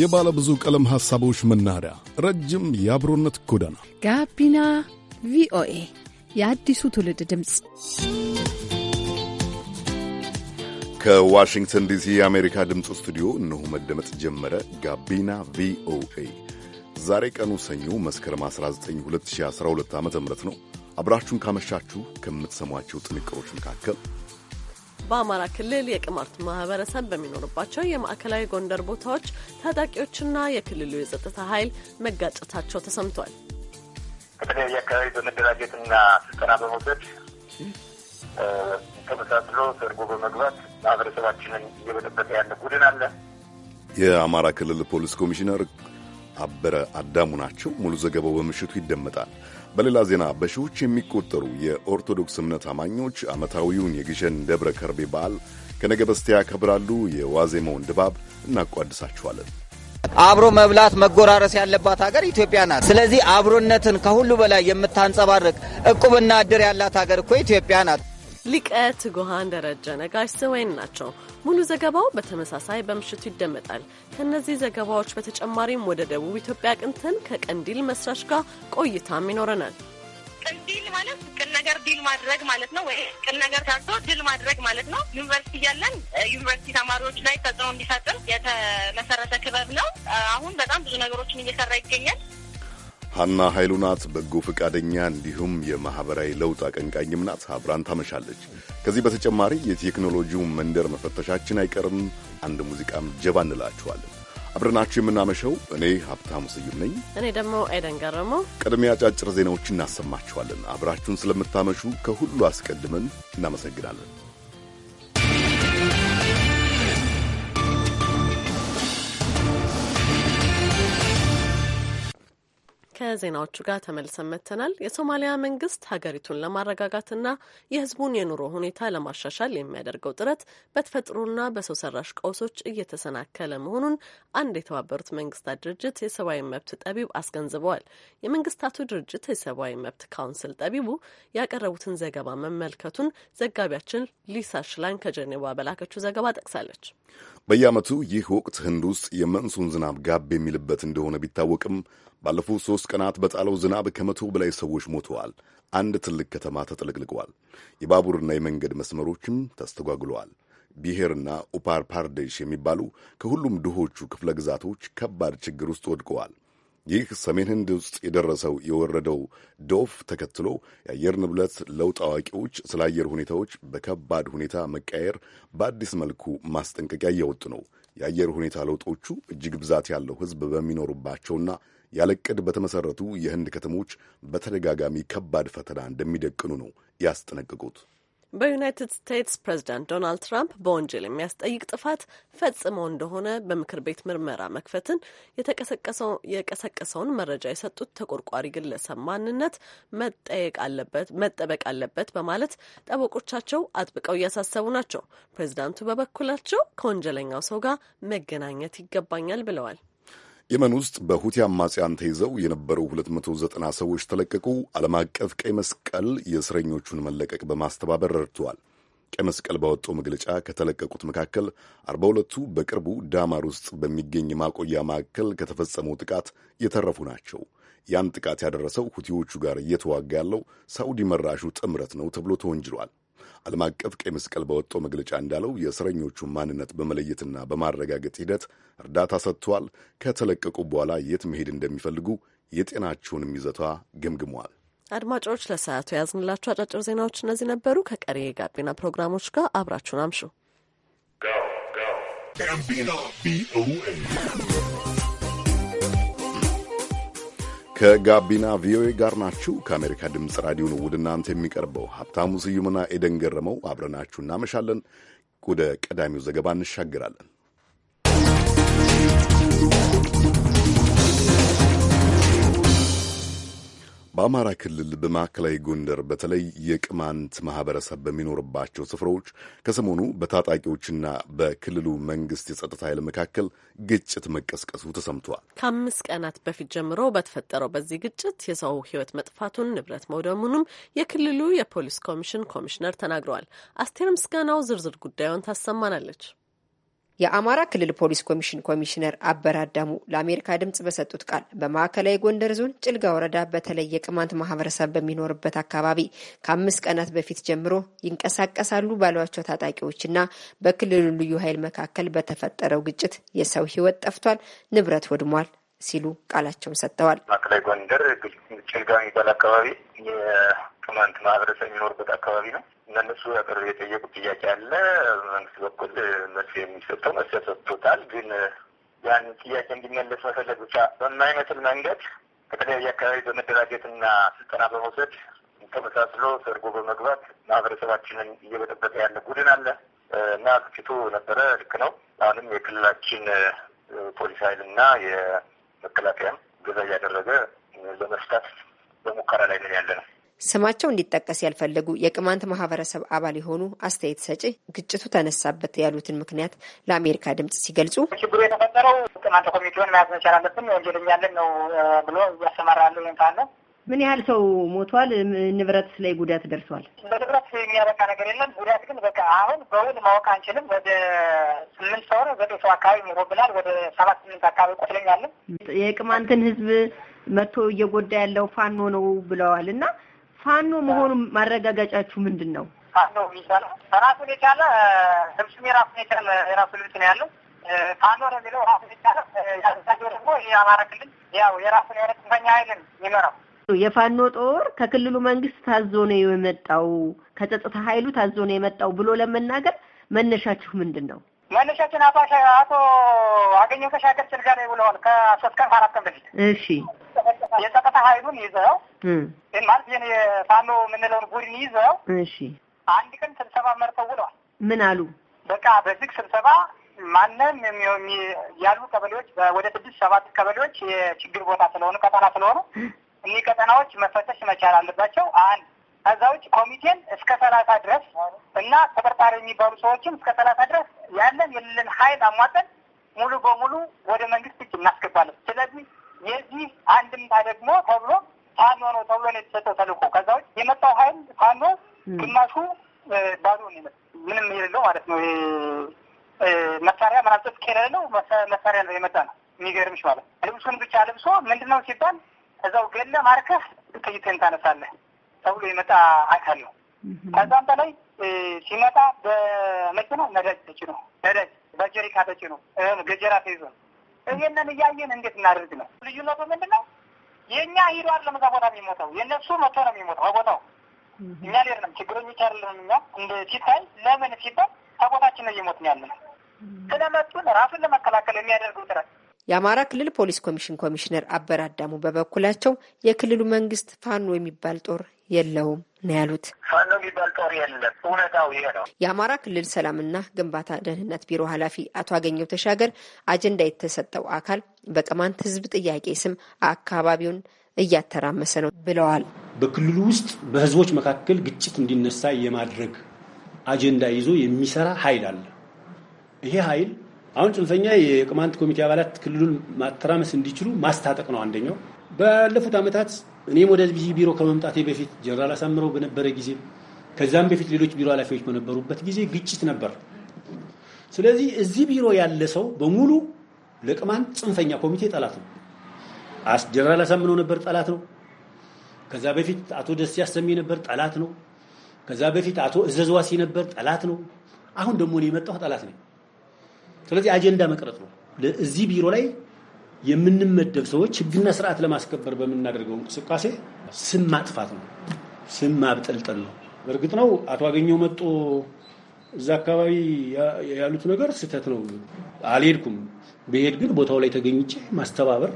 የባለ ብዙ ቀለም ሐሳቦች መናኸሪያ፣ ረጅም የአብሮነት ጎዳና፣ ጋቢና ቪኦኤ የአዲሱ ትውልድ ድምፅ ከዋሽንግተን ዲሲ የአሜሪካ ድምፅ ስቱዲዮ እነሆ መደመጥ ጀመረ። ጋቢና ቪኦኤ ዛሬ ቀኑ ሰኞ መስከረም 19 2012 ዓ ም ነው። አብራችሁን ካመሻችሁ ከምትሰሟቸው ጥንቅሮች መካከል በአማራ ክልል የቅማርት ማህበረሰብ በሚኖርባቸው የማዕከላዊ ጎንደር ቦታዎች ታጣቂዎችና የክልሉ የጸጥታ ኃይል መጋጨታቸው ተሰምቷል። ከተለያየ አካባቢ በመደራጀትና ስልጠና በመውሰድ ተመሳስሎ ሰርጎ በመግባት ማህበረሰባችንን እየበጠበጠ ያለ ቡድን አለ። የአማራ ክልል ፖሊስ ኮሚሽነር አበረ አዳሙ ናቸው። ሙሉ ዘገባው በምሽቱ ይደመጣል። በሌላ ዜና በሺዎች የሚቆጠሩ የኦርቶዶክስ እምነት አማኞች ዓመታዊውን የግሸን ደብረ ከርቤ በዓል ከነገ በስቲያ ያከብራሉ። የዋዜማውን ድባብ እናቋድሳችኋለን። አብሮ መብላት መጎራረስ ያለባት ሀገር ኢትዮጵያ ናት። ስለዚህ አብሮነትን ከሁሉ በላይ የምታንጸባርቅ እቁብና እድር ያላት ሀገር እኮ ኢትዮጵያ ናት። ሊቀ ትጉሃን ደረጀ ነጋሽ ስወይን ናቸው። ሙሉ ዘገባው በተመሳሳይ በምሽቱ ይደመጣል። ከእነዚህ ዘገባዎች በተጨማሪም ወደ ደቡብ ኢትዮጵያ ቅንተን ከቀንዲል መስራች ጋር ቆይታም ይኖረናል። ቀንዲል ማለት ቅን ነገር ዲል ማድረግ ማለት ነው፣ ወይ ቅን ነገር ታርቶ ድል ማድረግ ማለት ነው። ዩኒቨርሲቲ እያለን ዩኒቨርሲቲ ተማሪዎች ላይ ተጽዕኖ እንዲፈጥር የተመሰረተ ክበብ ነው። አሁን በጣም ብዙ ነገሮችን እየሰራ ይገኛል። ሀና ኃይሉ ናት። በጎ ፈቃደኛ እንዲሁም የማኅበራዊ ለውጥ አቀንቃኝም ናት። አብራን ታመሻለች። ከዚህ በተጨማሪ የቴክኖሎጂው መንደር መፈተሻችን አይቀርም። አንድ ሙዚቃም ጀባ እንላችኋለን። አብረናችሁ የምናመሸው እኔ ሀብታሙ ስዩም ነኝ። እኔ ደግሞ አይደን ገረመው። ቅድሚያ አጫጭር ዜናዎች እናሰማችኋለን። አብራችሁን ስለምታመሹ ከሁሉ አስቀድመን እናመሰግናለን። ከዜናዎቹ ጋር ተመልሰን መጥተናል። የሶማሊያ መንግስት ሀገሪቱን ለማረጋጋትና የህዝቡን የኑሮ ሁኔታ ለማሻሻል የሚያደርገው ጥረት በተፈጥሮና በሰው ሰራሽ ቀውሶች እየተሰናከለ መሆኑን አንድ የተባበሩት መንግስታት ድርጅት የሰብአዊ መብት ጠቢብ አስገንዝበዋል። የመንግስታቱ ድርጅት የሰብአዊ መብት ካውንስል ጠቢቡ ያቀረቡትን ዘገባ መመልከቱን ዘጋቢያችን ሊሳ ሽላን ከጀኔባ በላከችው ዘገባ ጠቅሳለች። በየዓመቱ ይህ ወቅት ህንድ ውስጥ የመንሱን ዝናብ ጋብ የሚልበት እንደሆነ ቢታወቅም ባለፉት ሦስት ቀናት በጣለው ዝናብ ከመቶ በላይ ሰዎች ሞተዋል። አንድ ትልቅ ከተማ ተጥለቅልቀዋል። የባቡርና የመንገድ መስመሮችም ተስተጓጉለዋል። ብሔርና ኡፓር ፓርዴሽ የሚባሉ ከሁሉም ድሆቹ ክፍለ ግዛቶች ከባድ ችግር ውስጥ ወድቀዋል። ይህ ሰሜን ህንድ ውስጥ የደረሰው የወረደው ዶፍ ተከትሎ የአየር ንብረት ለውጥ አዋቂዎች ስለ አየር ሁኔታዎች በከባድ ሁኔታ መቀየር በአዲስ መልኩ ማስጠንቀቂያ እያወጡ ነው። የአየር ሁኔታ ለውጦቹ እጅግ ብዛት ያለው ሕዝብ በሚኖሩባቸውና ያለቅድ በተመሠረቱ የህንድ ከተሞች በተደጋጋሚ ከባድ ፈተና እንደሚደቅኑ ነው ያስጠነቅቁት። በዩናይትድ ስቴትስ ፕሬዚዳንት ዶናልድ ትራምፕ በወንጀል የሚያስጠይቅ ጥፋት ፈጽመው እንደሆነ በምክር ቤት ምርመራ መክፈትን የቀሰቀሰውን መረጃ የሰጡት ተቆርቋሪ ግለሰብ ማንነት መጠየቅ አለበት መጠበቅ አለበት በማለት ጠበቆቻቸው አጥብቀው እያሳሰቡ ናቸው። ፕሬዚዳንቱ በበኩላቸው ከወንጀለኛው ሰው ጋር መገናኘት ይገባኛል ብለዋል። የመን ውስጥ በሁቲ አማጽያን ተይዘው የነበሩ 290 ሰዎች ተለቀቁ። ዓለም አቀፍ ቀይ መስቀል የእስረኞቹን መለቀቅ በማስተባበር ረድተዋል። ቀይ መስቀል ባወጣው መግለጫ ከተለቀቁት መካከል 42ቱ በቅርቡ ዳማር ውስጥ በሚገኝ የማቆያ ማዕከል ከተፈጸመው ጥቃት የተረፉ ናቸው። ያን ጥቃት ያደረሰው ሁቲዎቹ ጋር እየተዋጋ ያለው ሳዑዲ መራሹ ጥምረት ነው ተብሎ ተወንጅሏል። ዓለም አቀፍ ቀይ መስቀል በወጣው መግለጫ እንዳለው የእስረኞቹን ማንነት በመለየትና በማረጋገጥ ሂደት እርዳታ ሰጥቷል። ከተለቀቁ በኋላ የት መሄድ እንደሚፈልጉ የጤናቸውንም ይዘቷ ገምግመዋል። አድማጮች፣ ለሰዓቱ የያዝንላችሁ አጫጭር ዜናዎች እነዚህ ነበሩ። ከቀሪ የጋቢና ፕሮግራሞች ጋር አብራችሁን አምሹ። ከጋቢና ቪኦኤ ጋር ናችሁ። ከአሜሪካ ድምፅ ራዲዮ ነው ወደ እናንተ የሚቀርበው። ሀብታሙ ስዩምና ኤደን ገረመው አብረናችሁ እናመሻለን። ወደ ቀዳሚው ዘገባ እንሻገራለን። በአማራ ክልል በማዕከላዊ ጎንደር በተለይ የቅማንት ማህበረሰብ በሚኖርባቸው ስፍራዎች ከሰሞኑ በታጣቂዎችና በክልሉ መንግስት የጸጥታ ኃይል መካከል ግጭት መቀስቀሱ ተሰምቷል። ከአምስት ቀናት በፊት ጀምሮ በተፈጠረው በዚህ ግጭት የሰው ህይወት መጥፋቱን ንብረት መውደሙንም የክልሉ የፖሊስ ኮሚሽን ኮሚሽነር ተናግረዋል። አስቴር ምስጋናው ዝርዝር ጉዳዩን ታሰማናለች። የአማራ ክልል ፖሊስ ኮሚሽን ኮሚሽነር አበራዳሙ አዳሙ ለአሜሪካ ድምጽ በሰጡት ቃል በማዕከላዊ ጎንደር ዞን ጭልጋ ወረዳ በተለይ የቅማንት ማህበረሰብ በሚኖርበት አካባቢ ከአምስት ቀናት በፊት ጀምሮ ይንቀሳቀሳሉ ባሏቸው ታጣቂዎችና በክልሉ ልዩ ኃይል መካከል በተፈጠረው ግጭት የሰው ሕይወት ጠፍቷል፣ ንብረት ወድሟል ሲሉ ቃላቸውን ሰጥተዋል። ማዕከላዊ ጎንደር ጭልጋ የሚባል አካባቢ የቅማንት ማህበረሰብ የሚኖርበት አካባቢ ነው እና እነሱ ያቀር የጠየቁት ጥያቄ አለ። መንግስት በኩል መልስ የሚሰጠው መልስ ሰጥቶታል። ግን ያን ጥያቄ እንዲመለስ መፈለግ ብቻ በማይመስል መንገድ ከተለያየ አካባቢ በመደራጀትና ስልጠና በመውሰድ ተመሳስሎ ሰርጎ በመግባት ማህበረሰባችንን እየበጠበጠ ያለ ቡድን አለ እና ግጭቱ ነበረ። ልክ ነው። አሁንም የክልላችን ፖሊስ ኃይልና መከላከያም ገዛ እያደረገ ለመፍታት በሙከራ ላይ ነን ያለ ነው። ስማቸው እንዲጠቀስ ያልፈለጉ የቅማንት ማህበረሰብ አባል የሆኑ አስተያየት ሰጪ ግጭቱ ተነሳበት ያሉትን ምክንያት ለአሜሪካ ድምጽ ሲገልጹ ችግሩ የተፈጠረው ቅማንት ኮሚቴውን መያዝ መቻል አለብን ወንጀለኛለን ነው ብሎ ወይም ካለ ምን ያህል ሰው ሞቷል? ንብረት ላይ ጉዳት ደርሷል? በንብረት የሚያበቃ ነገር የለም። ጉዳት ግን በቃ አሁን በውል ማወቅ አንችልም። ወደ ስምንት ሰው ነው ዘጠኝ ሰው አካባቢ ሞቶብናል። ወደ ሰባት ስምንት አካባቢ ቆስለኛለን። የቅማንትን ህዝብ መጥቶ እየጎዳ ያለው ፋኖ ነው ብለዋል እና ፋኖ መሆኑ ማረጋገጫችሁ ምንድን ነው? ፋኖ የሚባለው ራሱን የቻለ ህብሱም የራሱን የቻለ የራሱ ልብስ ነው ያለው ፋኖ ነው የሚለው ራሱን የቻለ ደግሞ የአማራ ክልል ያው የራሱን የሆነ ጽንፈኛ ኃይልን ይመራው የፋኖ ጦር ከክልሉ መንግስት ታዞ ነው የመጣው፣ ከጸጥታ ኃይሉ ታዞ ነው የመጣው ብሎ ለመናገር መነሻችሁ ምንድን ነው? መነሻችን አቶ አቶ አገኘው ተሻገር ጭልጋ ላይ ብለዋል። ከሶስት ቀን ከአራት ቀን በፊት እሺ፣ የጸጥታ ኃይሉን ይዘው ማለት ይህን የፋኖ የምንለውን ቡድን ይዘው እሺ፣ አንድ ቀን ስብሰባ መርተው ውለዋል። ምን አሉ? በቃ በዝግ ስብሰባ ማንም ያሉ ቀበሌዎች ወደ ስድስት ሰባት ቀበሌዎች የችግር ቦታ ስለሆኑ ቀጠና ስለሆኑ እኒህ ቀጠናዎች መፈተሽ መቻል አለባቸው። አንድ ከዛ ውጭ ኮሚቴን እስከ ሰላሳ ድረስ እና ተጠርጣሪ የሚባሉ ሰዎችም እስከ ሰላሳ ድረስ ያለን የሌለን ሀይል አሟጠን ሙሉ በሙሉ ወደ መንግስት እጅ እናስገባለን። ስለዚህ የዚህ አንድምታ ደግሞ ተብሎ ፋኖ ነው ተብሎ ነው የተሰጠው ተልእኮ። ከዛ ውጭ የመጣው ሀይል ፋኖ ግማሹ ባዶ ነው፣ ምንም የሌለው ማለት ነው። መሳሪያ ምናምን ጥጥ ከሌለው መሳሪያ ነው የመጣ ነው። የሚገርምሽ ማለት ልብሱን ብቻ ልብሶ ምንድነው ሲባል እዛው ገለ ማርከህ ጥይትን ታነሳለህ ተብሎ የመጣ አካል ነው። ከዛም በላይ ሲመጣ በመኪና ነዳጅ ተጭኖ ነዳጅ በጀሪካ ተጭኖ ገጀራ ተይዞ ይህንን እያየን እንዴት እናደርግ ነው? ልዩነቱ ምንድን ነው? የእኛ ሂዶ አይደለም እዛ ቦታ የሚሞተው የእነሱ መቶ ነው የሚሞተው ከቦታው። እኛ ሌርንም ችግረኞች አይደለም። እኛ እንደ ሲታይ ለምን ሲባል ከቦታችን ነው እየሞትን ያለ ነው። ስለመጡን ራሱን ለመከላከል የሚያደርገው ጥረት የአማራ ክልል ፖሊስ ኮሚሽን ኮሚሽነር አበር አዳሙ በበኩላቸው የክልሉ መንግስት ፋኖ የሚባል ጦር የለውም ነው ያሉት። ፋኖ የሚባል ጦር የለም፣ እውነታው ይሄ ነው። የአማራ ክልል ሰላምና ግንባታ ደህንነት ቢሮ ኃላፊ አቶ አገኘው ተሻገር አጀንዳ የተሰጠው አካል በቅማንት ህዝብ ጥያቄ ስም አካባቢውን እያተራመሰ ነው ብለዋል። በክልሉ ውስጥ በህዝቦች መካከል ግጭት እንዲነሳ የማድረግ አጀንዳ ይዞ የሚሰራ ኃይል አለ። ይሄ ኃይል አሁን ጽንፈኛ የቅማንት ኮሚቴ አባላት ክልሉን ማተራመስ እንዲችሉ ማስታጠቅ ነው አንደኛው። ባለፉት ዓመታት እኔም ወደዚህ ቢሮ ከመምጣቴ በፊት ጀነራል አሳምረው በነበረ ጊዜ፣ ከዛም በፊት ሌሎች ቢሮ ኃላፊዎች በነበሩበት ጊዜ ግጭት ነበር። ስለዚህ እዚህ ቢሮ ያለ ሰው በሙሉ ለቅማንት ጽንፈኛ ኮሚቴ ጠላት ነው። ጀነራል አሳምነው ነበር ጠላት ነው። ከዛ በፊት አቶ ደስ ያሰሚ ነበር ጠላት ነው። ከዛ በፊት አቶ እዘዝዋሲ ነበር ጠላት ነው። አሁን ደግሞ እኔ የመጣሁ ጠላት ነኝ። ስለዚህ አጀንዳ መቅረጥ ነው። እዚህ ቢሮ ላይ የምንመደብ ሰዎች ህግና ስርዓት ለማስከበር በምናደርገው እንቅስቃሴ ስም ማጥፋት ነው፣ ስም ማብጠልጠል ነው። በእርግጥ ነው አቶ አገኘው መጦ እዛ አካባቢ ያሉት ነገር ስህተት ነው። አልሄድኩም። ብሄድ ግን ቦታው ላይ ተገኝቼ ማስተባበር፣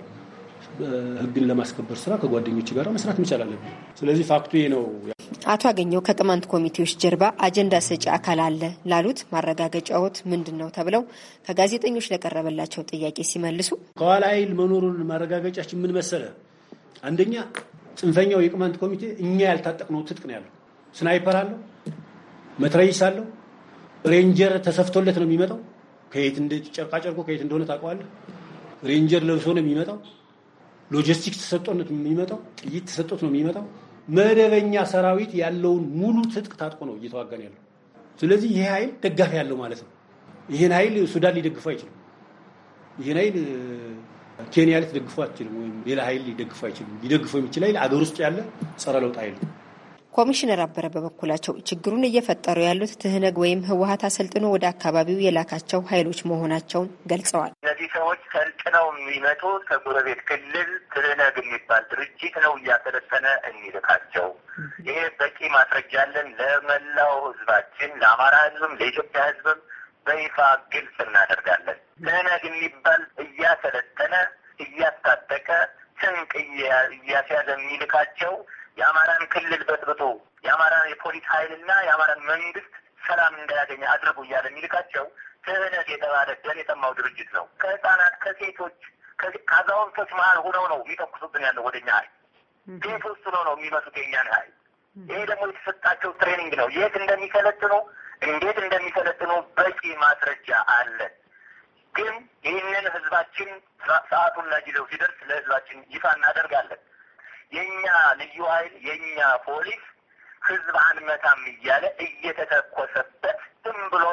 ህግን ለማስከበር ስራ ከጓደኞች ጋር መስራት መቻል አለብን። ስለዚህ ፋክቱ ነው። አቶ አገኘው ከቅማንት ኮሚቴዎች ጀርባ አጀንዳ ሰጪ አካል አለ ላሉት ማረጋገጫዎት ምንድን ነው ተብለው ከጋዜጠኞች ለቀረበላቸው ጥያቄ ሲመልሱ ከኋላ ኃይል መኖሩን ማረጋገጫችን ምን መሰለ? አንደኛ ጽንፈኛው የቅማንት ኮሚቴ እኛ ያልታጠቅነው ትጥቅ ነው ያለው። ስናይፐር አለው፣ መትረይስ አለው፣ ሬንጀር ተሰፍቶለት ነው የሚመጣው። ከየት እንደ ጨርቃጨርቆ ከየት እንደሆነ ታውቀዋለህ። ሬንጀር ለብሶ ነው የሚመጣው። ሎጂስቲክስ ተሰጦነት የሚመጣው። ጥይት ተሰጦት ነው የሚመጣው። መደበኛ ሰራዊት ያለውን ሙሉ ትጥቅ ታጥቆ ነው እየተዋጋን ያለው። ስለዚህ ይሄ ኃይል ደጋፊ ያለው ማለት ነው። ይሄን ኃይል ሱዳን ሊደግፉ አይችልም። ይሄን ኃይል ኬንያ ልትደግፉ አትችልም። ወይም ሌላ ኃይል ሊደግፉ አይችልም። ሊደግፉ የሚችል ኃይል አገር ውስጥ ያለ ጸረ ለውጥ ኃይል ነው። ኮሚሽነር አበረ በበኩላቸው ችግሩን እየፈጠሩ ያሉት ትህነግ ወይም ህወሀት አሰልጥኖ ወደ አካባቢው የላካቸው ኃይሎች መሆናቸውን ገልጸዋል። እነዚህ ሰዎች ሰልጥነው የሚመጡ ከጎረቤት ክልል ትህነግ የሚባል ድርጅት ነው እያሰለጠነ የሚልካቸው። ይሄ በቂ ማስረጃ አለን። ለመላው ህዝባችን፣ ለአማራ ህዝብም፣ ለኢትዮጵያ ህዝብም በይፋ ግልጽ እናደርጋለን። ትህነግ የሚባል እያሰለጠነ እያስታጠቀ ስንቅ እያስያዘ የሚልካቸው የአማራን ክልል በጥብጦ የአማራን የፖሊስ ኃይልና የአማራን መንግስት ሰላም እንዳያገኝ አድርጉ እያለ የሚልካቸው ትህነት የተባለ ደን የሰማው ድርጅት ነው። ከህፃናት፣ ከሴቶች፣ ከአዛውንቶች መሀል ሆነው ነው የሚጠቁሱብን ያለው ወደኛ ኃይል ቤት ውስጥ ሆነው ነው የሚመጡት የኛን ኃይል። ይሄ ደግሞ የተሰጣቸው ትሬኒንግ ነው። የት እንደሚሰለጥኑ እንዴት እንደሚሰለጥኑ በቂ ማስረጃ አለ ግን ይህንን ህዝባችን ሰዓቱና ጊዜው ሲደርስ ለህዝባችን ይፋ እናደርጋለን። የእኛ ልዩ ኃይል የእኛ ፖሊስ ህዝብ አንመታም እያለ እየተተኮሰበት ዝም ብሎ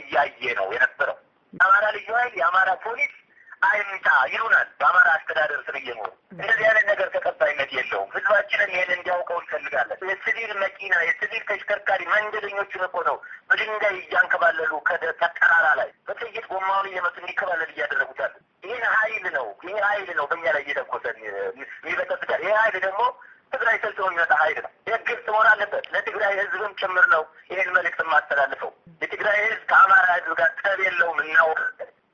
እያየ ነው የነበረው። የአማራ ልዩ ኃይል የአማራ ፖሊስ አይምታ ይሉናል። በአማራ አስተዳደር ስር እየኖሩ እንደዚህ አይነት ነገር ተቀባይነት የለውም። ህዝባችንን ይህን እንዲያውቀው እንፈልጋለን። የሲቪል መኪና፣ የሲቪል ተሽከርካሪ መንገደኞችን እኮ ነው በድንጋይ እያንከባለሉ ከተራራ ላይ በጥይት ጎማውን እየመቱ እንዲከባለል እያደረጉታለን። ይህ ሀይል ነው ይህ ሀይል ነው በእኛ ላይ እየተኮሰ የሚበጠብታል። ይህ ሀይል ደግሞ ትግራይ ሰልጥኖ የሚመጣ ሀይል ነው። ይህ ግልጽ መሆን አለበት። ለትግራይ ህዝብም ጭምር ነው ይህን መልእክት የማስተላልፈው። የትግራይ ህዝብ ከአማራ ህዝብ ጋር ጠብ የለውም እናውቅ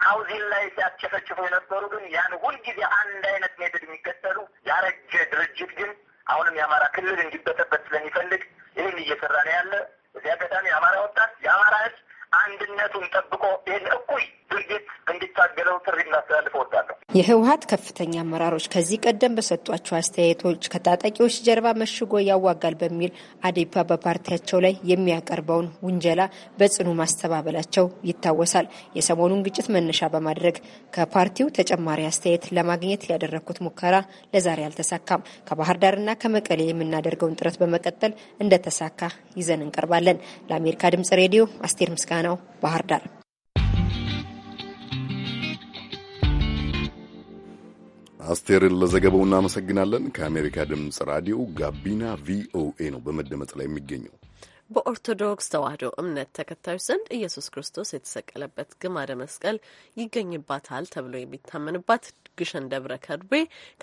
ሀውዚን ላይ ሲያጨፈጭፉ የነበሩ ግን ያን ሁልጊዜ አንድ አይነት ሜትድ የሚከተሉ ያረጀ ድርጅት ግን አሁንም የአማራ ክልል እንዲበጠበት ስለሚፈልግ ይህን እየሰራ ነው ያለ። እዚህ አጋጣሚ የአማራ ወጣት የአማራ ህዝብ አንድነቱን ጠብቆ ይህን እኩይ ድርጅት እንዲታገለው ጥሪ እናስተላልፍ እወዳለሁ። የህወሀት ከፍተኛ አመራሮች ከዚህ ቀደም በሰጧቸው አስተያየቶች ከታጣቂዎች ጀርባ መሽጎ ያዋጋል በሚል አዴፓ በፓርቲያቸው ላይ የሚያቀርበውን ውንጀላ በጽኑ ማስተባበላቸው ይታወሳል። የሰሞኑን ግጭት መነሻ በማድረግ ከፓርቲው ተጨማሪ አስተያየት ለማግኘት ያደረግኩት ሙከራ ለዛሬ አልተሳካም። ከባህር ዳርና ከመቀሌ የምናደርገውን ጥረት በመቀጠል እንደተሳካ ይዘን እንቀርባለን። ለአሜሪካ ድምጽ ሬዲዮ አስቴር ምስጋና ነው ባህር ዳር። አስቴርን ለዘገባው እናመሰግናለን። ከአሜሪካ ድምፅ ራዲዮ ጋቢና ቪኦኤ ነው በመደመጥ ላይ የሚገኘው። በኦርቶዶክስ ተዋሕዶ እምነት ተከታዮች ዘንድ ኢየሱስ ክርስቶስ የተሰቀለበት ግማደ መስቀል ይገኝባታል ተብሎ የሚታመንባት ግሸን ደብረ ከርቤ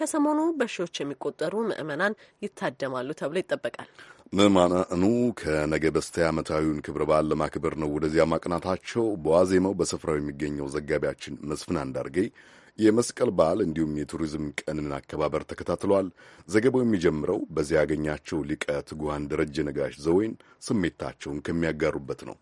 ከሰሞኑ በሺዎች የሚቆጠሩ ምዕመናን ይታደማሉ ተብሎ ይጠበቃል። ምዕመናኑ ከነገ በስቲያ ዓመታዊውን ክብረ በዓል ለማክበር ነው ወደዚያ ማቅናታቸው። በዋዜማው በስፍራው የሚገኘው ዘጋቢያችን መስፍን አንዳርጌ የመስቀል በዓል እንዲሁም የቱሪዝም ቀንን አከባበር ተከታትሏል። ዘገባው የሚጀምረው በዚያ ያገኛቸው ሊቀ ትጉሃን ደረጀ ነጋሽ ዘወይን ስሜታቸውን ከሚያጋሩበት ነው።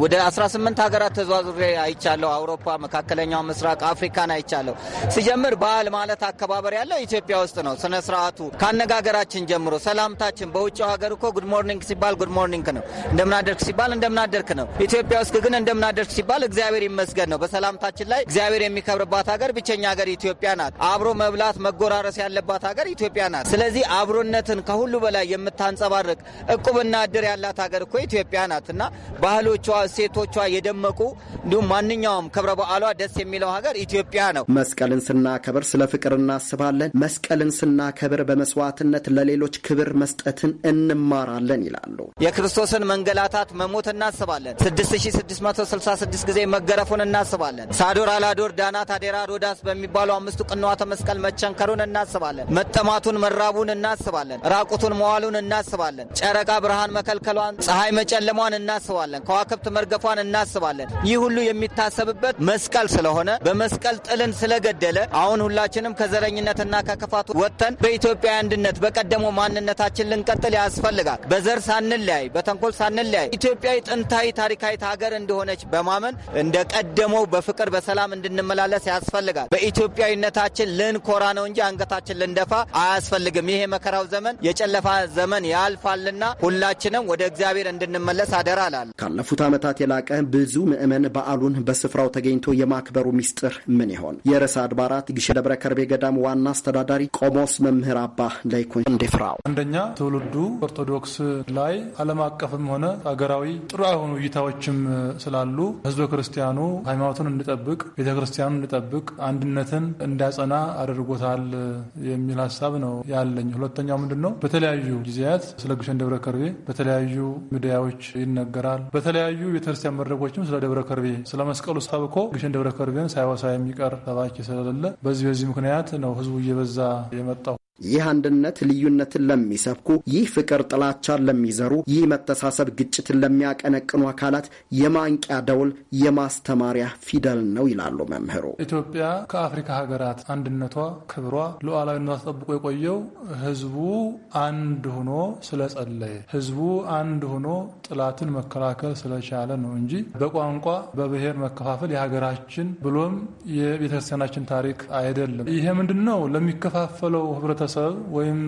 ወደ 18 ሀገራት ተዘዋዙሬ አይቻለሁ። አውሮፓ፣ መካከለኛው ምስራቅ፣ አፍሪካን አይቻለሁ። ሲጀምር ባህል ማለት አከባበር ያለው ኢትዮጵያ ውስጥ ነው። ስነ ስርዓቱ ከአነጋገራችን ጀምሮ ሰላምታችን። በውጭው ሀገር እኮ ጉድ ሞርኒንግ ሲባል ጉድ ሞርኒንግ ነው፣ እንደምናደርግ ሲባል እንደምናደርግ ነው። ኢትዮጵያ ውስጥ ግን እንደምናደርግ ሲባል እግዚአብሔር ይመስገን ነው። በሰላምታችን ላይ እግዚአብሔር የሚከብርባት ሀገር ብቸኛ ሀገር ኢትዮጵያ ናት። አብሮ መብላት መጎራረስ ያለባት ሀገር ኢትዮጵያ ናት። ስለዚህ አብሮነትን ከሁሉ በላይ የምታንጸባርቅ እቁብና እድር ያላት ሀገር እኮ ኢትዮጵያ ናት እና ባህሎቿ ሴቶቿ የደመቁ እንዲሁም ማንኛውም ክብረ በዓሏ ደስ የሚለው ሀገር ኢትዮጵያ ነው። መስቀልን ስናከብር ስለ ፍቅር እናስባለን። መስቀልን ስናከብር በመስዋዕትነት ለሌሎች ክብር መስጠትን እንማራለን ይላሉ። የክርስቶስን መንገላታት መሞት እናስባለን። 6666 ጊዜ መገረፉን እናስባለን። ሳዶር አላዶር፣ ዳናት፣ አዴራ፣ ሮዳስ በሚባሉ አምስቱ ቅንዋተ መስቀል መቸንከሩን እናስባለን። መጠማቱን፣ መራቡን እናስባለን። ራቁቱን መዋሉን እናስባለን። ጨረቃ ብርሃን መከልከሏን፣ ፀሐይ መጨለሟን እናስባለን። ከዋክብት መርገፏን እናስባለን። ይህ ሁሉ የሚታሰብበት መስቀል ስለሆነ በመስቀል ጥልን ስለገደለ አሁን ሁላችንም ከዘረኝነትና ከክፋቱ ወጥተን በኢትዮጵያ አንድነት በቀደሞ ማንነታችን ልንቀጥል ያስፈልጋል። በዘር ሳንለያይ፣ በተንኮል ሳንለያይ ኢትዮጵያዊ ጥንታዊ ታሪካዊት ሀገር እንደሆነች በማመን እንደ ቀደመው በፍቅር በሰላም እንድንመላለስ ያስፈልጋል። በኢትዮጵያዊነታችን ልንኮራ ነው እንጂ አንገታችን ልንደፋ አያስፈልግም። ይሄ የመከራው ዘመን የጨለፋ ዘመን ያልፋልና ሁላችንም ወደ እግዚአብሔር እንድንመለስ አደራ አላል ካለፉት ዓመታት የላቀ ብዙ ምዕመን በዓሉን በስፍራው ተገኝቶ የማክበሩ ሚስጥር ምን ይሆን? የርዕሰ አድባራት ግሽ ደብረ ከርቤ ገዳም ዋና አስተዳዳሪ ቆሞስ መምህር አባ ላይኩን እንዲፍራው፣ አንደኛ ትውልዱ ኦርቶዶክስ ላይ ዓለም አቀፍም ሆነ አገራዊ ጥሩ የሆኑ እይታዎችም ስላሉ ህዝበ ክርስቲያኑ ሃይማኖቱን እንዲጠብቅ፣ ቤተ ክርስቲያኑ እንዲጠብቅ፣ አንድነትን እንዲያጸና አድርጎታል የሚል ሀሳብ ነው ያለኝ። ሁለተኛው ምንድን ነው? በተለያዩ ጊዜያት ስለ ግሸን ደብረ ከርቤ በተለያዩ ሚዲያዎች ይነገራል። በተለያዩ ቤተክርስቲያን መድረኮችም ስለ ደብረ ከርቤ ስለ መስቀሉ ሰብኮ ግሸን ደብረ ከርቤን ሳይወሳ የሚቀር ሰባኪ ስለሌለ በዚህ በዚህ ምክንያት ነው ህዝቡ እየበዛ የመጣው። ይህ አንድነት ልዩነትን ለሚሰብኩ፣ ይህ ፍቅር ጥላቻን ለሚዘሩ፣ ይህ መተሳሰብ ግጭትን ለሚያቀነቅኑ አካላት የማንቂያ ደውል የማስተማሪያ ፊደል ነው ይላሉ መምህሩ። ኢትዮጵያ ከአፍሪካ ሀገራት አንድነቷ፣ ክብሯ፣ ሉዓላዊነቷ ተጠብቆ የቆየው ህዝቡ አንድ ሆኖ ስለጸለየ፣ ህዝቡ አንድ ሆኖ ጥላትን መከላከል ስለቻ ያለ ነው እንጂ በቋንቋ በብሔር መከፋፈል የሀገራችን ብሎም የቤተክርስቲያናችን ታሪክ አይደለም። ይሄ ምንድን ነው ለሚከፋፈለው ህብረተሰብ ወይም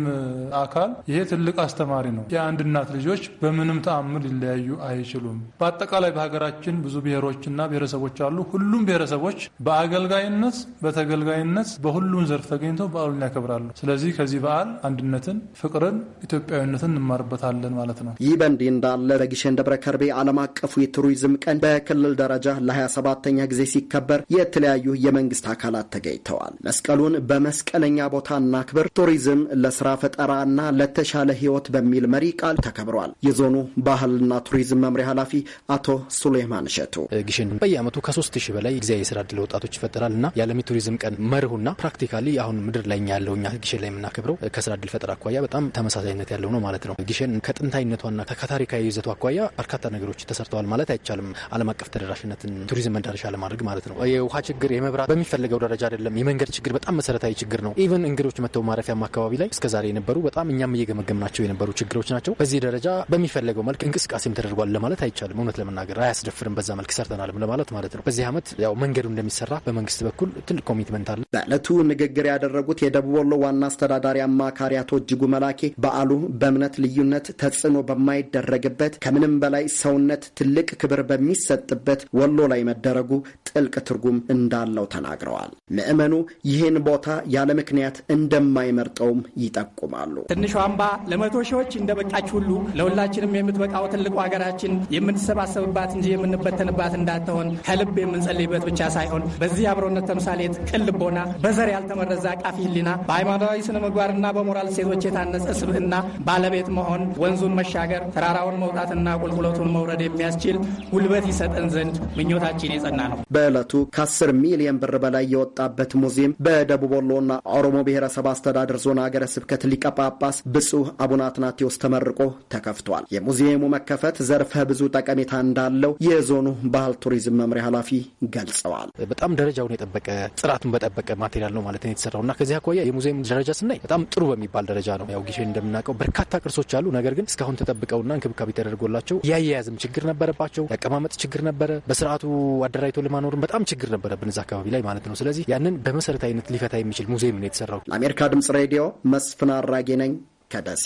አካል ይሄ ትልቅ አስተማሪ ነው። የአንድ እናት ልጆች በምንም ተአምር ሊለያዩ አይችሉም። በአጠቃላይ በሀገራችን ብዙ ብሔሮችና ብሔረሰቦች አሉ። ሁሉም ብሔረሰቦች በአገልጋይነት በተገልጋይነት በሁሉም ዘርፍ ተገኝተው በዓሉን ያከብራሉ። ስለዚህ ከዚህ በዓል አንድነትን፣ ፍቅርን፣ ኢትዮጵያዊነትን እንማርበታለን ማለት ነው። ይህ በእንዲህ እንዳለ በጊሼን ደብረ ከርቤ ዓለም አቀፍ አቀፉ የቱሪዝም ቀን በክልል ደረጃ ለ27ተኛ ጊዜ ሲከበር የተለያዩ የመንግስት አካላት ተገኝተዋል። መስቀሉን በመስቀለኛ ቦታ እናክብር፣ ቱሪዝም ለስራ ፈጠራና ለተሻለ ህይወት በሚል መሪ ቃል ተከብሯል። የዞኑ ባህልና ቱሪዝም መምሪያ ኃላፊ አቶ ሱሌማን እሸቱ ግሽን በየአመቱ ከሶስት ሺህ በላይ ጊዜ የስራ እድል ወጣቶች ይፈጠራል እና የዓለም የቱሪዝም ቀን መርሁና ፕራክቲካሊ አሁን ምድር ላይ ያለው እኛ ግሽን ላይ የምናከብረው ከስራ እድል ፈጠራ አኳያ በጣም ተመሳሳይነት ያለው ነው ማለት ነው። ግሽን ከጥንታዊነቷና ከታሪካዊ ይዘቱ አኳያ በርካታ ነገሮች ተሰርተዋል ተሰርተዋል ማለት አይቻልም። ዓለም አቀፍ ተደራሽነትን ቱሪዝም መዳረሻ ለማድረግ ማለት ነው። የውሃ ችግር፣ የመብራት በሚፈለገው ደረጃ አይደለም። የመንገድ ችግር በጣም መሰረታዊ ችግር ነው። ኢቨን እንግዶች መጥተው ማረፊያም አካባቢ ላይ እስከዛሬ የነበሩ በጣም እኛም እየገመገምናቸው የነበሩ ችግሮች ናቸው። በዚህ ደረጃ በሚፈለገው መልክ እንቅስቃሴም ተደርጓል ለማለት አይቻልም። እውነት ለመናገር አያስደፍርም። በዛ መልክ ሰርተናልም ለማለት ማለት ነው። በዚህ ዓመት ያው መንገዱ እንደሚሰራ በመንግስት በኩል ትልቅ ኮሚትመንት አለ። በዕለቱ ንግግር ያደረጉት የደቡብ ወሎ ዋና አስተዳዳሪ አማካሪ አቶ እጅጉ መላኬ በዓሉ በእምነት ልዩነት ተጽዕኖ በማይደረግበት ከምንም በላይ ሰውነት ት ትልቅ ክብር በሚሰጥበት ወሎ ላይ መደረጉ ጥልቅ ትርጉም እንዳለው ተናግረዋል። ምዕመኑ ይህን ቦታ ያለ ምክንያት እንደማይመርጠውም ይጠቁማሉ። ትንሹ አምባ ለመቶ ሺዎች እንደበቃች ሁሉ ለሁላችንም የምትበቃው ትልቁ ሀገራችን የምንሰባሰብባት እንጂ የምንበተንባት እንዳትሆን ከልብ የምንጸልይበት ብቻ ሳይሆን በዚህ አብሮነት ተምሳሌት ቅን ልቦና፣ በዘር ያልተመረዘ አቃፊ ህሊና፣ በሃይማኖታዊ ስነ ምግባርና በሞራል ሴቶች የታነጸ ስብዕና ባለቤት መሆን ወንዙን መሻገር ተራራውን መውጣትና ቁልቁሎቱን መውረድ የሚያስ ለመሆናችን ጉልበት ይሰጠን ዘንድ ምኞታችን የጸና ነው። በዕለቱ ከ10 ሚሊዮን ብር በላይ የወጣበት ሙዚየም በደቡብ ወሎና ኦሮሞ ብሔረሰብ አስተዳደር ዞን አገረ ስብከት ሊቀ ጳጳስ ብፁዕ አቡነ አትናቴዎስ ተመርቆ ተከፍቷል። የሙዚየሙ መከፈት ዘርፈ ብዙ ጠቀሜታ እንዳለው የዞኑ ባህል ቱሪዝም መምሪያ ኃላፊ ገልጸዋል። በጣም ደረጃውን የጠበቀ ጥራቱን በጠበቀ ማቴሪያል ነው ማለት ነው የተሰራው እና ከዚህ አኳያ የሙዚየም ደረጃ ስናይ በጣም ጥሩ በሚባል ደረጃ ነው። ያው ጊዜ እንደምናውቀው በርካታ ቅርሶች አሉ። ነገር ግን እስካሁን ተጠብቀውና እንክብካቤ ተደርጎላቸው ያያያዝም ችግር ነበረ ነበረባቸው፣ የአቀማመጥ ችግር ነበረ፣ በስርዓቱ አደራጅቶ ለማኖርም በጣም ችግር ነበረብን እዛ አካባቢ ላይ ማለት ነው። ስለዚህ ያንን በመሰረታዊነት ሊፈታ የሚችል ሙዚየም ነው የተሰራው። ለአሜሪካ ድምጽ ሬዲዮ መስፍን አራጌ ነኝ ከደሴ።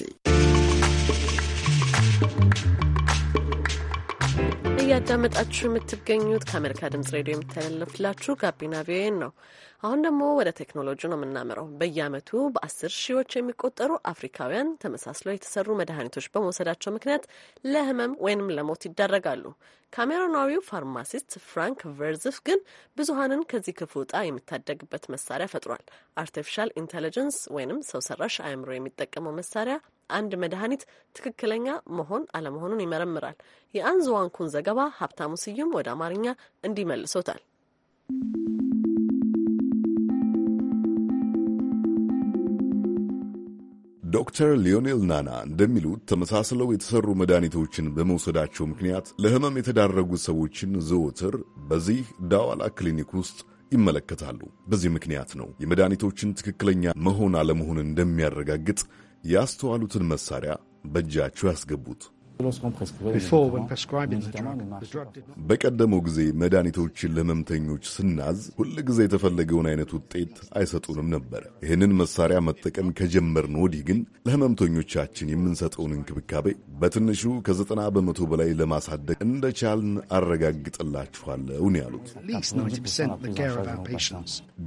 እያዳመጣችሁ የምትገኙት ከአሜሪካ ድምጽ ሬዲዮ የሚተላለፍላችሁ ጋቢና ቪኦኤ ነው። አሁን ደግሞ ወደ ቴክኖሎጂ ነው የምናምረው በየአመቱ በአስር ሺዎች የሚቆጠሩ አፍሪካውያን ተመሳስለው የተሰሩ መድኃኒቶች በመውሰዳቸው ምክንያት ለህመም ወይንም ለሞት ይዳረጋሉ። ካሜሮናዊው ፋርማሲስት ፍራንክ ቨርዝፍ ግን ብዙሀንን ከዚህ ክፉ እጣ የሚታደግበት መሳሪያ ፈጥሯል። አርቲፊሻል ኢንቴሊጀንስ ወይንም ሰው ሰራሽ አእምሮ የሚጠቀመው መሳሪያ አንድ መድኃኒት ትክክለኛ መሆን አለመሆኑን ይመረምራል። የአንዝዋንኩን ዘገባ ሀብታሙ ስዩም ወደ አማርኛ እንዲመልሶታል። ዶክተር ሊዮኔል ናና እንደሚሉት ተመሳስለው የተሰሩ መድኃኒቶችን በመውሰዳቸው ምክንያት ለህመም የተዳረጉ ሰዎችን ዘወትር በዚህ ዳዋላ ክሊኒክ ውስጥ ይመለከታሉ። በዚህ ምክንያት ነው የመድኃኒቶችን ትክክለኛ መሆን አለመሆን እንደሚያረጋግጥ ያስተዋሉትን መሳሪያ በእጃቸው ያስገቡት። በቀደመው ጊዜ መድኃኒቶችን ለህመምተኞች ስናዝ ሁል ጊዜ የተፈለገውን አይነት ውጤት አይሰጡንም ነበር። ይህንን መሳሪያ መጠቀም ከጀመርን ወዲህ ግን ለህመምተኞቻችን የምንሰጠውን እንክብካቤ በትንሹ ከዘጠና በመቶ በላይ ለማሳደግ እንደቻልን አረጋግጥላችኋለሁ ነው ያሉት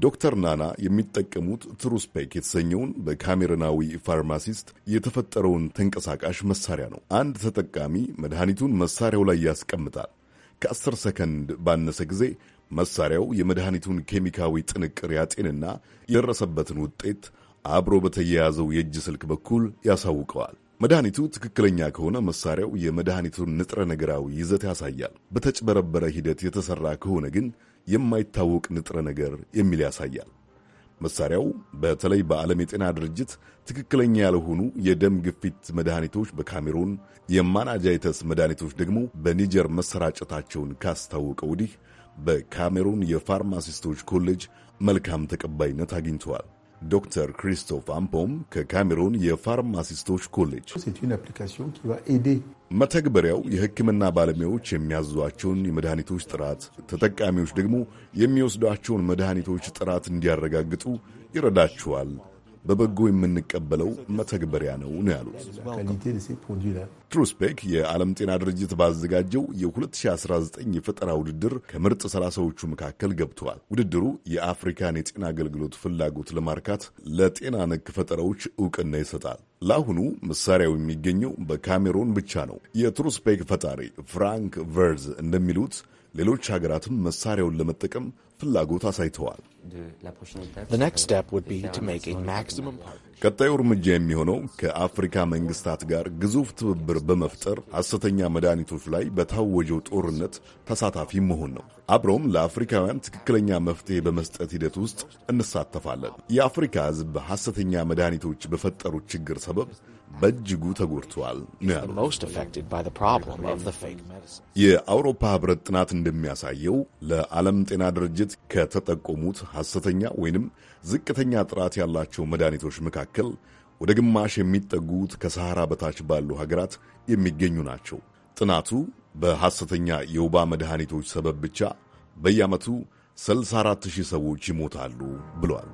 ዶክተር ናና የሚጠቀሙት ትሩስፔክ የተሰኘውን በካሜሩናዊ ፋርማሲስት የተፈጠረውን ተንቀሳቃሽ መሳሪያ ነው። አንድ ተጠቃሚ መድኃኒቱን መሳሪያው ላይ ያስቀምጣል። ከአስር ሰከንድ ባነሰ ጊዜ መሳሪያው የመድኃኒቱን ኬሚካዊ ጥንቅር ያጤንና የደረሰበትን ውጤት አብሮ በተያያዘው የእጅ ስልክ በኩል ያሳውቀዋል። መድኃኒቱ ትክክለኛ ከሆነ መሳሪያው የመድኃኒቱን ንጥረ ነገራዊ ይዘት ያሳያል። በተጭበረበረ ሂደት የተሰራ ከሆነ ግን የማይታወቅ ንጥረ ነገር የሚል ያሳያል። መሳሪያው በተለይ በዓለም የጤና ድርጅት ትክክለኛ ያልሆኑ የደም ግፊት መድኃኒቶች በካሜሩን የማናጃይተስ መድኃኒቶች ደግሞ በኒጀር መሰራጨታቸውን ካስታወቀ ወዲህ በካሜሩን የፋርማሲስቶች ኮሌጅ መልካም ተቀባይነት አግኝተዋል። ዶክተር ክሪስቶፍ አምፖም ከካሜሮን የፋርማሲስቶች ኮሌጅ መተግበሪያው የሕክምና ባለሙያዎች የሚያዟቸውን የመድኃኒቶች ጥራት፣ ተጠቃሚዎች ደግሞ የሚወስዷቸውን መድኃኒቶች ጥራት እንዲያረጋግጡ ይረዳችኋል በበጎ የምንቀበለው መተግበሪያ ነው ነው ያሉት። ትሩስፔክ የዓለም ጤና ድርጅት ባዘጋጀው የ2019 የፈጠራ ውድድር ከምርጥ ሰላሳዎቹ መካከል ገብተዋል። ውድድሩ የአፍሪካን የጤና አገልግሎት ፍላጎት ለማርካት ለጤና ነክ ፈጠራዎች እውቅና ይሰጣል። ለአሁኑ መሳሪያው የሚገኘው በካሜሮን ብቻ ነው። የትሩስፔክ ፈጣሪ ፍራንክ ቨርዝ እንደሚሉት ሌሎች ሀገራትም መሳሪያውን ለመጠቀም ፍላጎት አሳይተዋል። ቀጣዩ እርምጃ የሚሆነው ከአፍሪካ መንግስታት ጋር ግዙፍ ትብብር በመፍጠር ሐሰተኛ መድኃኒቶች ላይ በታወጀው ጦርነት ተሳታፊ መሆን ነው። አብሮም ለአፍሪካውያን ትክክለኛ መፍትሄ በመስጠት ሂደት ውስጥ እንሳተፋለን። የአፍሪካ ሕዝብ ሐሰተኛ መድኃኒቶች በፈጠሩት ችግር ሰበብ በእጅጉ ተጎድተዋል የአውሮፓ ህብረት ጥናት እንደሚያሳየው ለዓለም ጤና ድርጅት ከተጠቆሙት ሐሰተኛ ወይንም ዝቅተኛ ጥራት ያላቸው መድኃኒቶች መካከል ወደ ግማሽ የሚጠጉት ከሰሐራ በታች ባሉ ሀገራት የሚገኙ ናቸው። ጥናቱ በሐሰተኛ የውባ መድኃኒቶች ሰበብ ብቻ በየዓመቱ 64 ሰዎች ይሞታሉ ብሏል።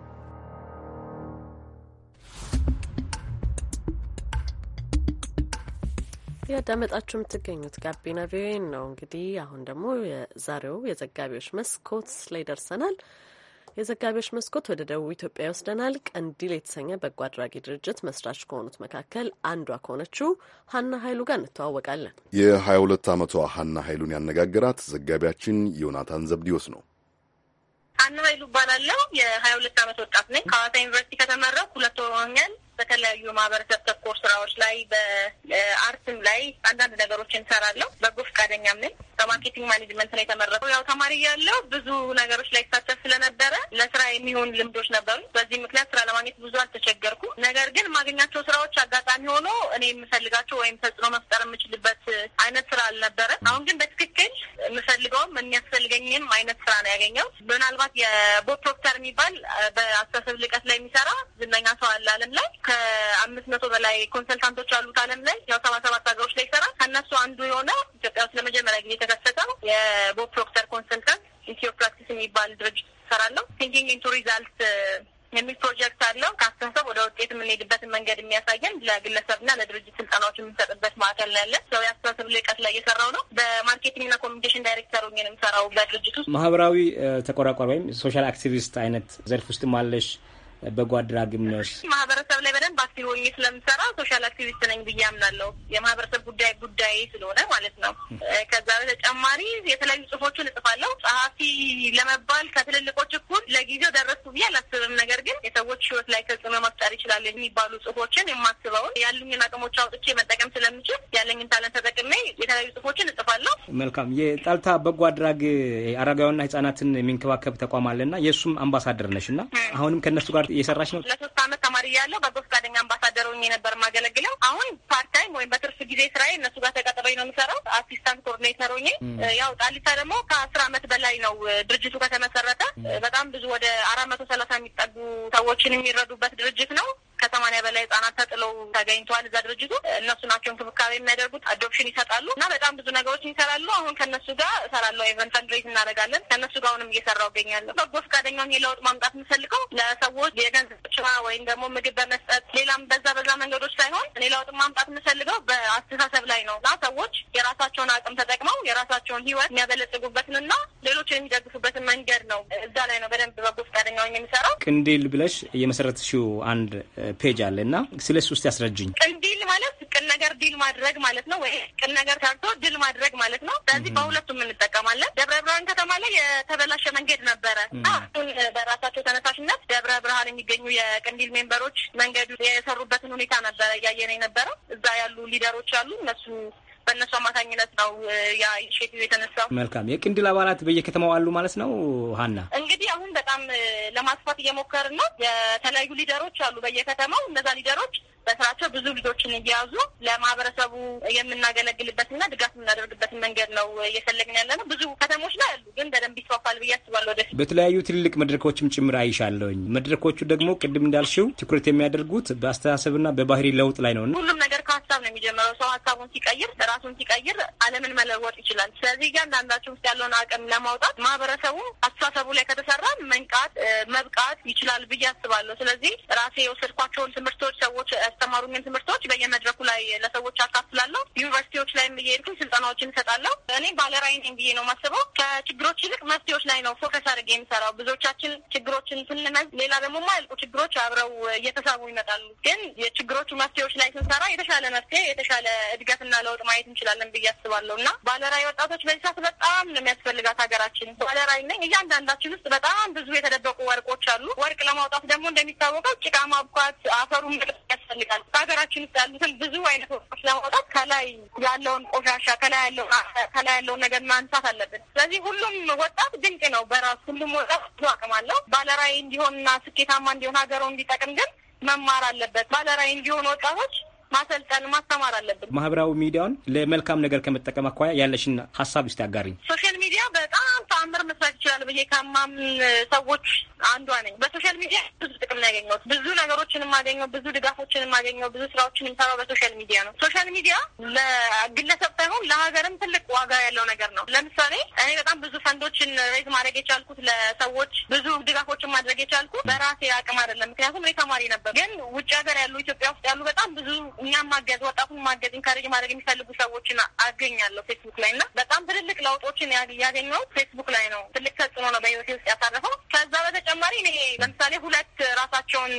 ያዳመጣችሁ የምትገኙት ጋቢና ቪኦኤ ነው። እንግዲህ አሁን ደግሞ የዛሬው የዘጋቢዎች መስኮት ላይ ደርሰናል። የዘጋቢዎች መስኮት ወደ ደቡብ ኢትዮጵያ ይወስደናል። ቀንዲል የተሰኘ በጎ አድራጊ ድርጅት መስራች ከሆኑት መካከል አንዷ ከሆነችው ሀና ኃይሉ ጋር እንተዋወቃለን። የሀያ ሁለት ዓመቷ ሀና ኃይሉን ያነጋገራት ዘጋቢያችን ዮናታን ዘብዲዮስ ነው። ሀና ሀይሉ እባላለሁ። የሀያ ሁለት ዓመት ወጣት ነኝ። ከሀዋሳ ዩኒቨርሲቲ ከተመረኩ ሁለት ወር በተለያዩ ማህበረሰብ ተኮር ስራዎች ላይ በአርትም ላይ አንዳንድ ነገሮች እንሰራለሁ። በጎ ፈቃደኛም ነኝ። በማርኬቲንግ ማኔጅመንት ነው የተመረጠው። ያው ተማሪ ያለው ብዙ ነገሮች ላይ ይሳተፍ ስለነበረ ለስራ የሚሆን ልምዶች ነበሩ። በዚህ ምክንያት ስራ ለማግኘት ብዙ አልተቸገርኩ። ነገር ግን ማገኛቸው ስራዎች አጋጣሚ ሆኖ እኔ የምፈልጋቸው ወይም ተጽዕኖ መፍጠር የምችልበት አይነት ስራ አልነበረ። አሁን ግን በትክክል የምፈልገውም የሚያስፈልገኝም አይነት ስራ ነው ያገኘው። ምናልባት የቦፕሮክተር የሚባል በአስተሳሰብ ልቀት ላይ የሚሰራ ዝነኛ ሰው አለ ላይ ከአምስት መቶ በላይ ኮንሰልታንቶች አሉት አለም ላይ ያው ሰባ ሰባት ሀገሮች ላይ ይሰራል። ከእነሱ አንዱ የሆነ ኢትዮጵያ ውስጥ ለመጀመሪያ ጊዜ የተከሰተው የቦብ ፕሮክተር ኮንሰልታንት ኢትዮ ፕራክቲስ የሚባል ድርጅት ይሰራለሁ። ቲንኪንግ ኢንቱ ሪዛልት የሚል ፕሮጀክት አለው። ከአስተሳሰብ ወደ ውጤት የምንሄድበትን መንገድ የሚያሳየን ለግለሰብና ለድርጅት ስልጠናዎች የምንሰጥበት ማዕከል ነው ያለን። ሰው የአስተሳሰብ ልቀት ላይ እየሰራው ነው። በማርኬቲንግ ኮሚኒኬሽን ዳይሬክተሩ የምሰራው በድርጅት ውስጥ። ማህበራዊ uh, ተቆራቋሪ ወይም ሶሻል አክቲቪስት አይነት ዘርፍ ውስጥ ማለሽ በጎ አድራጊነት ማህበረሰብ ላይ በደንብ አክቲቭ ሆኜ ስለምሰራ ሶሻል አክቲቪስት ነኝ ብዬ አምናለሁ። የማህበረሰብ ጉዳይ ጉዳይ ስለሆነ ማለት ነው። ከዛ በተጨማሪ የተለያዩ ጽሁፎችን እጽፋለሁ። ጸሐፊ ለመባል ከትልልቆች እኩል ለጊዜው ደረሱ ብዬ አላስብም። ነገር ግን የሰዎች ህይወት ላይ ተጽዕኖ መፍጠር ይችላል የሚባሉ ጽሁፎችን የማስበውን ያሉኝን አቅሞች አውጥቼ መጠቀም ስለምችል ያለኝን ታለን ተጠቅሜ የተለያዩ ጽሁፎችን እጽፋለሁ። መልካም። የጣልታ በጎ አድራግ አረጋውያንና ህጻናትን የሚንከባከብ ተቋም አለና የእሱም አምባሳደር ነሽ እና አሁንም ከእነሱ ጋር እየሰራች ነው። ለሶስት አመት ተማሪ ያለው በጎ ፈቃደኛ አምባሳደር ሆኜ ነበር የማገለግለው። አሁን ፓርት ታይም ወይም በትርፍ ጊዜ ስራዬ እነሱ ጋር ተቀጥረኝ ነው የምሰራው። አሲስታንት ኮኦርዲኔተር ሆኜ ያው ጣሊታ ደግሞ ከአስር አመት በላይ ነው ድርጅቱ ከተመሰረተ። በጣም ብዙ ወደ አራት መቶ ሰላሳ የሚጠጉ ሰዎችን የሚረዱበት ድርጅት ነው። ከሰማኒያ በላይ ህጻናት ተጥለው ተገኝተዋል። እዛ ድርጅቱ እነሱ ናቸው እንክብካቤ የሚያደርጉት፣ አዶፕሽን ይሰጣሉ እና በጣም ብዙ ነገሮች ይሰራሉ። አሁን ከነሱ ጋር እሰራለሁ። ኢቨን ፈንድሬት እናደርጋለን ከእነሱ ጋር አሁንም እየሰራው እገኛለሁ። በጎ ፈቃደኛውን የለውጥ ማምጣት የምፈልገው ለሰዎች የገንዘብ ወይም ደግሞ ምግብ በመስጠት ሌላም በዛ በዛ መንገዶች ሳይሆን እኔ ለውጥ ማምጣት የምፈልገው በአስተሳሰብ ላይ ነው እና ሰዎች የራሳቸውን አቅም ተጠቅመው የራሳቸውን ህይወት የሚያበለጽጉበትንና ሌሎች የሚደግፉበትን መንገድ ነው። እዛ ላይ ነው በደንብ በጎ ፈቃደኛ ሆኜ የምሰራው ቅንዲል ብለሽ የመሰረትሽው አንድ ፔጅ አለ እና ስለ እሱ ውስጥ ያስረጅኝ። ቅንዲል ማለት ቅን ነገር ዲል ማድረግ ማለት ነው፣ ወይ ቅን ነገር ታርቶ ድል ማድረግ ማለት ነው። በዚህ በሁለቱም እንጠቀማለን። ደብረ ብርሃን ከተማ ላይ የተበላሸ መንገድ ነበረ አሁን በራሳቸው ተነሳሽነት ደብረ ብርሃን የሚገኙ የቅንዲል ሜምበሮች መንገዱ የሰሩበትን ሁኔታ ነበረ እያየን የነበረው እዛ ያሉ ሊደሮች አሉ እነሱ በእነሱ አማካኝነት ነው ያ ኢኒሽቲቭ የተነሳው። መልካም የቅንድል አባላት በየከተማው አሉ ማለት ነው። ሀና እንግዲህ አሁን በጣም ለማስፋት እየሞከርን ነው። የተለያዩ ሊደሮች አሉ በየከተማው እነዛ ሊደሮች በስራቸው ብዙ ልጆችን እየያዙ ለማህበረሰቡ የምናገለግልበትና ድጋፍ የምናደርግበትን መንገድ ነው እየፈለግን ያለ ነው። ብዙ ከተሞች ላይ አሉ፣ ግን በደንብ ይስፋፋል ብዬ አስባለሁ። ወደፊት በተለያዩ ትልልቅ መድረኮችም ጭምር አይሻለሁኝ። መድረኮቹ ደግሞ ቅድም እንዳልሽው ትኩረት የሚያደርጉት በአስተሳሰብና በባህሪ ለውጥ ላይ ነው። ሁሉም ነገር ከሀሳብ ነው የሚጀምረው። ሰው ሀሳቡን ሲቀይር ራሱን ሲቀይር ዓለምን መለወጥ ይችላል። ስለዚህ እያንዳንዳችን ውስጥ ያለውን አቅም ለማውጣት ማህበረሰቡ አስተሳሰቡ ላይ ከተሰራ መንቃት መብቃት ይችላል ብዬ አስባለሁ። ስለዚህ ራሴ የወሰድኳቸውን ትምህርቶች ሰዎች ያስተማሩኝን ትምህርቶች በየመድረኩ ላይ ለሰዎች አካፍላለሁ። ዩኒቨርሲቲዎች ላይ እየሄድኩኝ ስልጠናዎችን እሰጣለሁ። እኔ ባለራዕይ ነኝ ብዬ ነው የማስበው። ከችግሮች ይልቅ መፍትሄዎች ላይ ነው ፎከስ አድርጌ የምሰራው። ብዙዎቻችን ችግሮችን ስንመዝ ሌላ ደግሞ የማያልቁ ችግሮች አብረው እየተሳቡ ይመጣሉ። ግን የችግሮቹ መፍትሄዎች ላይ ስንሰራ የተሻ የተሻለ መፍትሄ የተሻለ እድገትና ለውጥ ማየት እንችላለን ብዬ አስባለሁ እና ባለራይ ወጣቶች በዚህ ሰዓት በጣም ነው የሚያስፈልጋት ሀገራችን። ባለራይ ነኝ። እያንዳንዳችን ውስጥ በጣም ብዙ የተደበቁ ወርቆች አሉ። ወርቅ ለማውጣት ደግሞ እንደሚታወቀው ጭቃ ማብኳት፣ አፈሩን ያስፈልጋል። በሀገራችን ውስጥ ያሉትን ብዙ አይነት ወርቆች ለማውጣት ከላይ ያለውን ቆሻሻ ከላይ ያለውን ከላይ ያለውን ነገር ማንሳት አለብን። ስለዚህ ሁሉም ወጣት ድንቅ ነው በራሱ ሁሉም ወጣት ብዙ አቅም አለው። ባለራይ እንዲሆንና ስኬታማ እንዲሆን ሀገሩ እንዲጠቅም ግን መማር አለበት። ባለራይ እንዲሆኑ ወጣቶች ማሰልጠን ማስተማር አለብን። ማህበራዊ ሚዲያውን ለመልካም ነገር ከመጠቀም አኳያ ያለሽን ሀሳብ እስቲ አጋሪኝ። ሶሻል ሚዲያ በጣም ተአምር መስራት ይችላል ብዬ ከማምን ሰዎች አንዷ ነኝ። በሶሻል ሚዲያ ብዙ ጥቅም ነው ያገኘሁት። ብዙ ነገሮችን የማገኘው፣ ብዙ ድጋፎችን የማገኘው፣ ብዙ ስራዎችን የምሰራው በሶሻል ሚዲያ ነው። ሶሻል ሚዲያ ለግለሰብ ሳይሆን ለሀገርም ትልቅ ዋጋ ያለው ነገር ነው። ለምሳሌ እኔ በጣም ብዙ ፈንዶችን ሬዝ ማድረግ የቻልኩት ለሰዎች ብዙ ድጋፎችን ማድረግ የቻልኩት በራሴ አቅም አይደለም። ምክንያቱም እኔ ተማሪ ነበር። ግን ውጭ ሀገር ያሉ ኢትዮጵያ ውስጥ ያሉ በጣም ብዙ እኛም ማገዝ ወጣቱን ማገዝ ኢንካሬጅ ማድረግ የሚፈልጉ ሰዎችን አገኛለሁ ፌስቡክ ላይ እና በጣም ትልልቅ ለውጦችን ያገኘው ፌስቡክ ላይ ነው። ትልቅ ተጽዕኖ ነው በህይወቴ ውስጥ ያሳረፈው። ከዛ በተጨማሪ እኔ ለምሳሌ ሁለት ራሳቸውን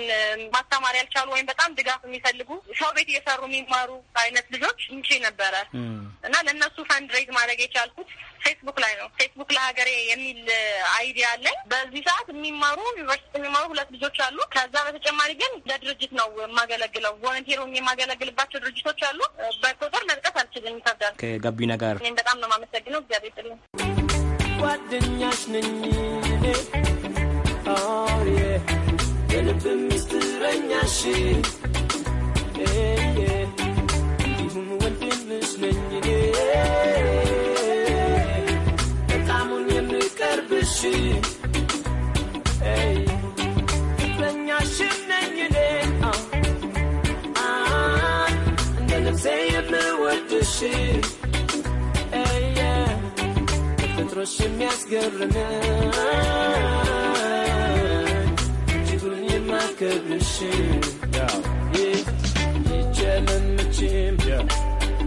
ማስተማር ያልቻሉ ወይም በጣም ድጋፍ የሚፈልጉ ሰው ቤት እየሰሩ የሚማሩ አይነት ልጆች እንቺ ነበረ እና ለእነሱ ፈንድሬዝ ማድረግ የቻልኩት ፌስቡክ ላይ ነው። ፌስቡክ ለሀገሬ የሚል አይዲያ አለኝ። በዚህ ሰዓት የሚማሩ ዩኒቨርሲቲ የሚማሩ ሁለት ልጆች አሉ። ከዛ በተጨማሪ ግን ለድርጅት ነው የማገለግለው። ቮለንቴር የማገለግልባቸው ድርጅቶች አሉ። በቁጥር መጥቀስ አልችልም፣ ይከብዳል። ከጋቢና ነገር እኔም በጣም ነው የማመሰግነው። እግዚአብሔር ይስጥልኝ። ጓደኛሽ ነኝ የልብ ምስጢረኛሽ ልጅ ነኝ እኔ በጣሙን የምቀርብሽ ፍቅረኛሽን ነኝ እንደ ነፍሴ የምወድሽ ፍጥሮሽ የሚያስገርመኝ እጅጉን የማከብርሽ Yeah.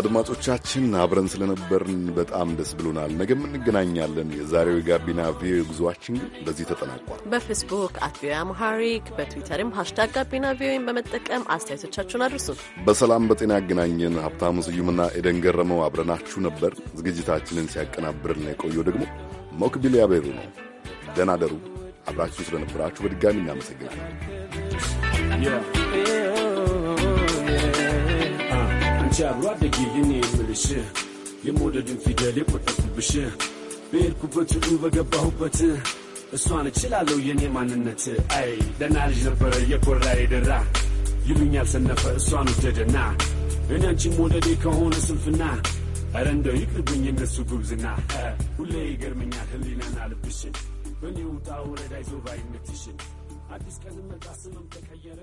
አድማጮቻችን አብረን ስለነበርን በጣም ደስ ብሎናል። ነገም እንገናኛለን። የዛሬው የጋቢና ቪኦኤ ጉዞችን ግን በዚህ ተጠናቋል። በፌስቡክ አት ቪኦኤ አምሃሪክ በትዊተርም ሃሽታግ ጋቢና ቪኦኤን በመጠቀም አስተያየቶቻችሁን አድርሱ። በሰላም በጤና ያገናኘን። ሀብታሙ ስዩምና ኤደን ገረመው አብረናችሁ ነበር። ዝግጅታችንን ሲያቀናብርን የቆየው ደግሞ ሞክቢል ያበሩ ነው። ደናደሩ ደሩ። አብራችሁ ስለነበራችሁ በድጋሚ እናመሰግናለን። አንቺ አብሮ አደጌ የኔ የምልሽ የመውደድን ፊደል የቆጠኩብሽ በሄድኩበት ሁሉ በገባሁበት እሷን እችላለሁ የኔ ማንነት አይ ደና ልጅ ነበረ የኮራ የደራ ይሉኛል ሰነፈ እሷን ወደደና እኔ ሞደዴ ከሆነ ስንፍና ኧረ እንደው ይቅርብኝ የነሱ ጉብዝና ሁሌ ይገርመኛል ህሊናና ልብሽን በእኔ ውጣ ውረዳ ይዞ ባይነትሽን አዲስ ቀን መጣ ስምም ተቀየረ